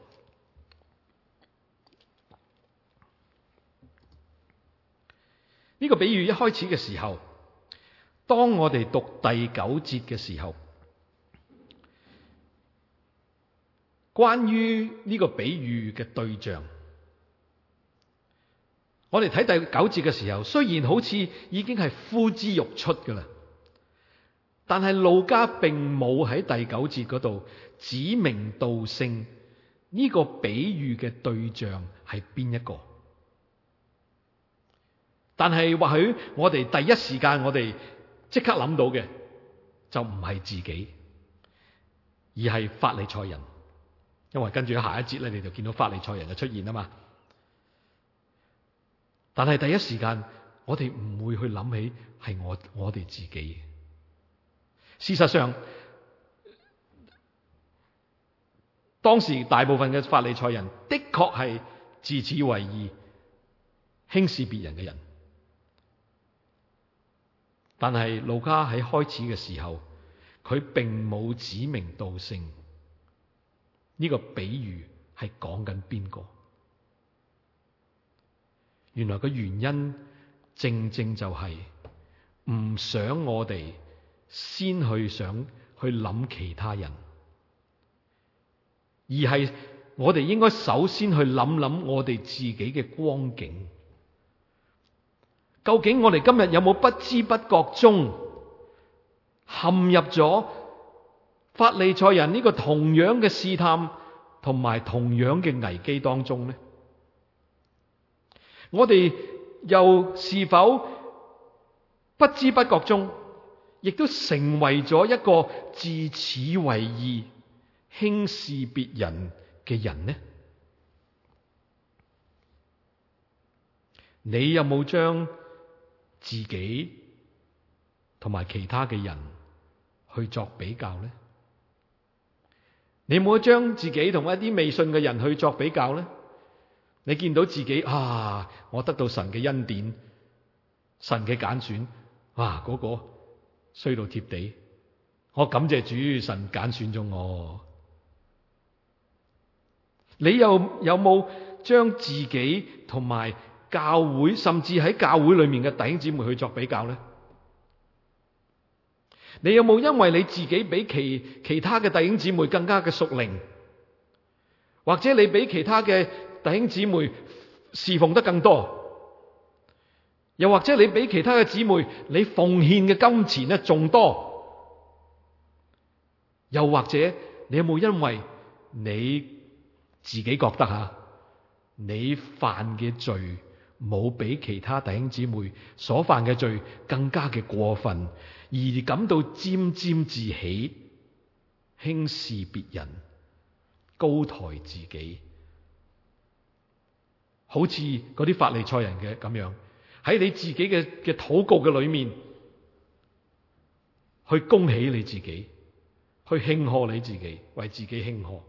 呢個比喻一開始嘅時候，當我哋讀第九節嘅時候，關於呢個比喻嘅對象，我哋睇第九節嘅時候，雖然好似已經係呼之欲出㗎喇。但係路加並冇喺第九節嗰度指名道姓呢個比喻嘅對象係邊一個？但係或許我哋第一時間我哋即刻諗到嘅就唔係自己，而係法利賽人，因為跟住下一節咧，你就見到法利賽人就出現啊嘛。但係第一時間我哋唔會去諗起係我我哋自己。事實上，當時大部分嘅法利賽人的確係自恃為義、輕視別人嘅人。但係路加喺開始嘅時候，佢並冇指名道姓呢、這個比喻係講緊邊個。原來嘅原因正正就係、是、唔想我哋。先去想去諗其他人，而係我哋應該首先去諗諗我哋自己嘅光景。究竟我哋今日有冇不知不覺中陷入咗法利賽人呢個同樣嘅試探同埋同樣嘅危機當中咧？我哋又是否不知不覺中？亦都成為咗一個自恃為義、輕視別人嘅人呢？你有冇將自己同埋其他嘅人去作比較呢？你有冇將自己同一啲未信嘅人去作比較呢？你見到自己啊，我得到神嘅恩典、神嘅揀選，啊，嗰、那個。衰到貼地，我感謝主神揀選咗我。你又有冇將自己同埋教會，甚至喺教會裏面嘅弟兄姊妹去作比較呢？你有冇因為你自己比其其他嘅弟兄姊妹更加嘅屬靈，或者你比其他嘅弟兄姊妹侍奉得更多？又或者你俾其他嘅姊妹你奉獻嘅金錢呢仲多？又或者你有冇因為你自己覺得吓你犯嘅罪冇俾其他弟兄姊妹所犯嘅罪更加嘅過分，而感到沾沾自喜、輕視別人、高抬自己，好似嗰啲法利賽人嘅咁樣？喺你自己嘅嘅禱告嘅裏面，去恭喜你自己，去慶賀你自己，為自己慶賀。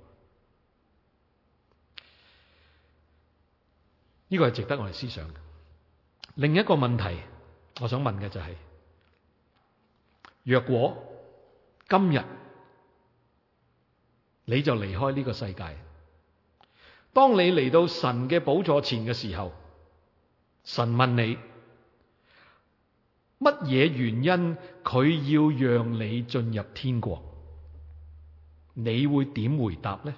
呢個係值得我哋思想嘅。另一個問題，我想問嘅就係：若果今日你就離開呢個世界，當你嚟到神嘅寶座前嘅時候。神問你乜嘢原因，佢要讓你進入天國？你會點回答呢？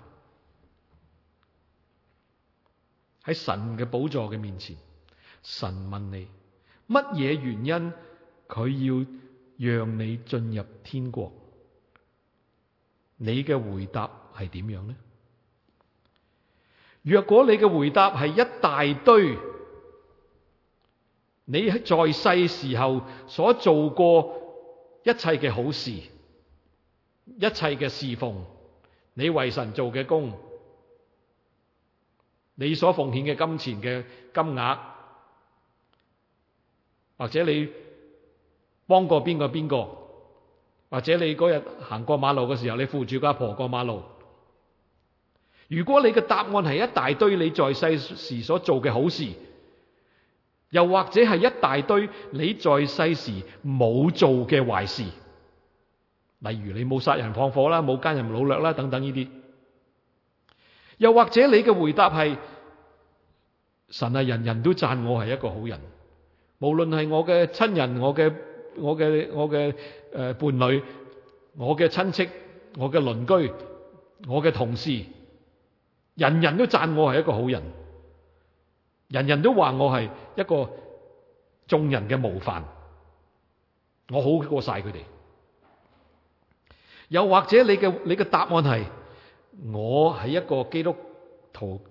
喺神嘅寶座嘅面前，神問你乜嘢原因，佢要讓你進入天國？你嘅回答係點樣呢？若果你嘅回答係一大堆。你在世時候所做過一切嘅好事，一切嘅侍奉，你為神做嘅工，你所奉獻嘅金錢嘅金額，或者你幫過邊個邊個，或者你嗰日行過馬路嘅時候，你扶住個婆婆過馬路。如果你嘅答案係一大堆你在世時所做嘅好事。又或者係一大堆你在世時冇做嘅壞事，例如你冇殺人放火啦，冇奸淫擄掠啦，等等呢啲。又或者你嘅回答係：神啊，人人都贊我係一個好人，無論係我嘅親人、我嘅我嘅我嘅誒伴侶、我嘅親戚、我嘅鄰居、我嘅同事，人人都贊我係一個好人。人人都話我係一個眾人嘅模範，我好過晒佢哋。又或者你嘅你嘅答案係我係一個基督徒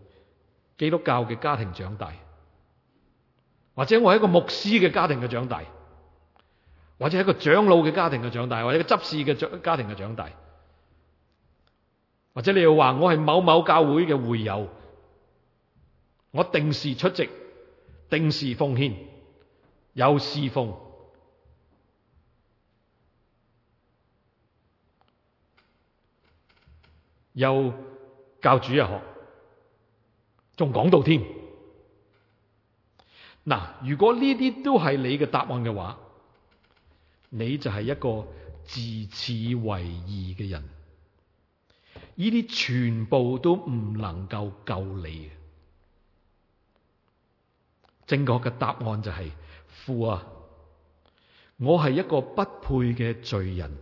基督教嘅家庭長大，或者我係一個牧師嘅家庭嘅長大，或者係一個長老嘅家庭嘅長大，或者一個執事嘅家庭嘅長長大，或者你又話我係某某教會嘅會友。我定時出席，定時奉獻，有侍奉，又教主日學，仲講到添。嗱，如果呢啲都係你嘅答案嘅話，你就係一個自恃為義嘅人，呢啲全部都唔能夠救你嘅正確嘅答案就係，父啊，我係一個不配嘅罪人，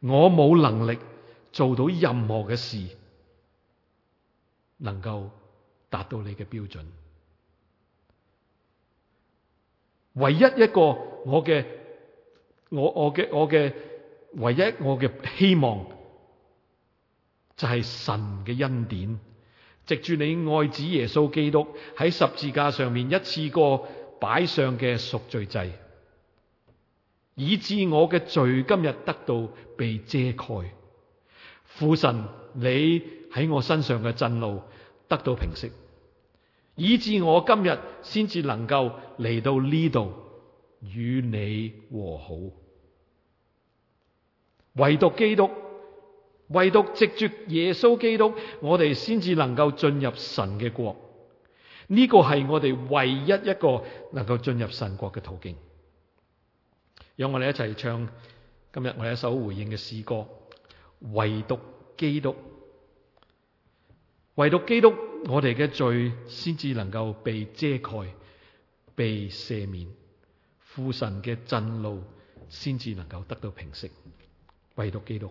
我冇能力做到任何嘅事，能夠達到你嘅標準。唯一一個我嘅，我我嘅我嘅，唯一我嘅希望就係神嘅恩典。藉住你愛子耶穌基督喺十字架上面一次過擺上嘅贖罪祭，以致我嘅罪今日得到被遮蓋。父神，你喺我身上嘅震怒得到平息，以致我今日先至能夠嚟到呢度與你和好。唯獨基督。唯獨藉住耶穌基督，我哋先至能夠進入神嘅國。呢個係我哋唯一一個能夠進入神國嘅途徑。讓我哋一齊唱今日我哋一首回應嘅詩歌。唯獨基督，唯獨基督，我哋嘅罪先至能夠被遮蓋、被赦免，父神嘅震怒先至能夠得到平息。唯獨基督。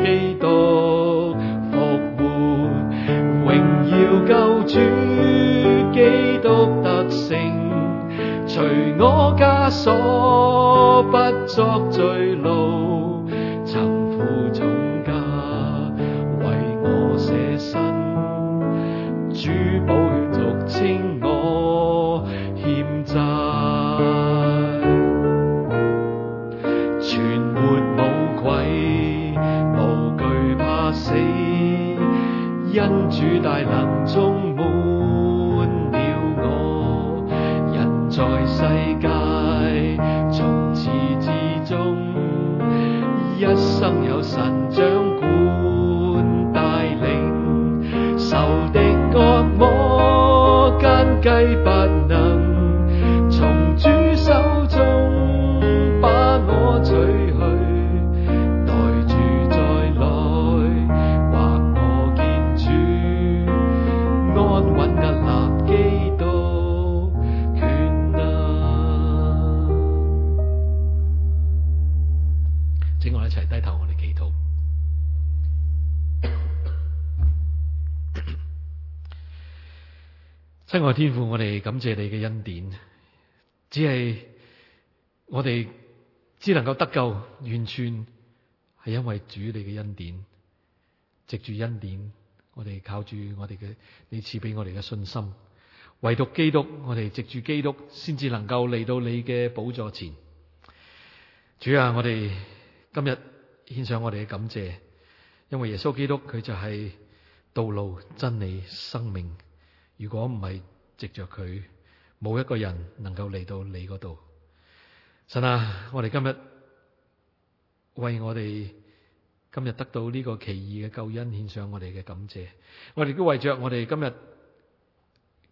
基督復活，榮耀救主，基督得勝，除我枷鎖。感謝你嘅恩典，只係我哋只能夠得救，完全係因為主你嘅恩典，藉住恩典，我哋靠住我哋嘅你賜俾我哋嘅信心，唯獨基督，我哋藉住基督，先至能夠嚟到你嘅寶座前。主啊，我哋今日獻上我哋嘅感謝，因為耶穌基督佢就係道路、真理、生命。如果唔係，藉着佢，冇一個人能夠嚟到你嗰度。神啊，我哋今日為我哋今日得到呢個奇異嘅救恩，獻上我哋嘅感謝。我哋都為着我哋今日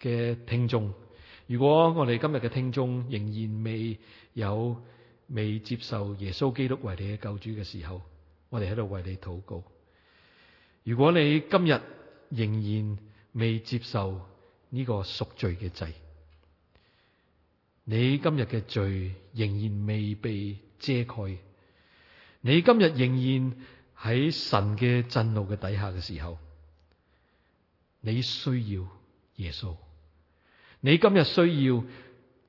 嘅聽眾，如果我哋今日嘅聽眾仍然未有未接受耶穌基督為你嘅救主嘅時候，我哋喺度為你禱告。如果你今日仍然未接受，呢個贖罪嘅祭，你今日嘅罪仍然未被遮蓋，你今日仍然喺神嘅震怒嘅底下嘅時候，你需要耶穌，你今日需要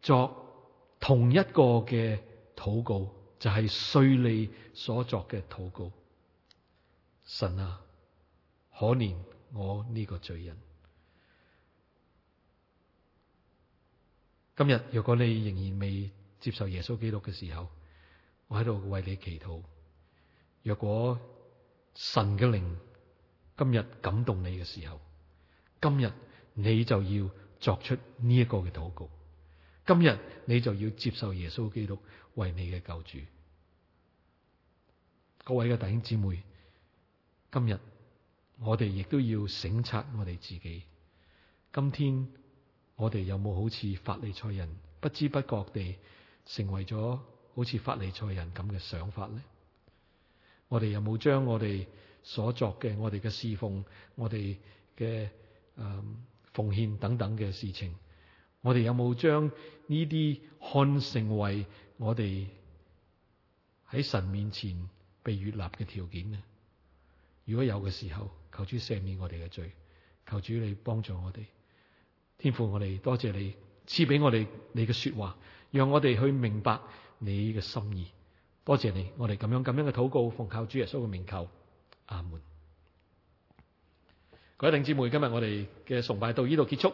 作同一個嘅禱告，就係、是、稅吏所作嘅禱告。神啊，可憐我呢個罪人。今日，若果你仍然未接受耶穌基督嘅時候，我喺度為你祈禱。若果神嘅靈今日感動你嘅時候，今日你就要作出呢一個嘅禱告。今日你就要接受耶穌基督為你嘅救主。各位嘅弟兄姊妹，今日我哋亦都要省察我哋自己。今天。我哋有冇好似法利賽人不知不覺地成為咗好似法利賽人咁嘅想法咧？我哋有冇將我哋所作嘅，我哋嘅侍奉，我哋嘅誒奉獻等等嘅事情，我哋有冇將呢啲看成為我哋喺神面前被悅納嘅條件咧？如果有嘅時候，求主赦免我哋嘅罪，求主你幫助我哋。天父我，我哋多謝你賜俾我哋你嘅說話，讓我哋去明白你嘅心意。多謝你，我哋咁樣咁樣嘅禱告，奉靠主耶穌嘅名求，阿門。各位弟兄姊妹，今日我哋嘅崇拜到呢度結束。